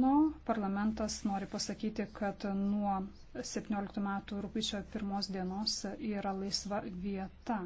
No, nu, parlamentas nori pasakyti, kad nuo 17 metų rūpičio pirmos dienos yra laisva vieta.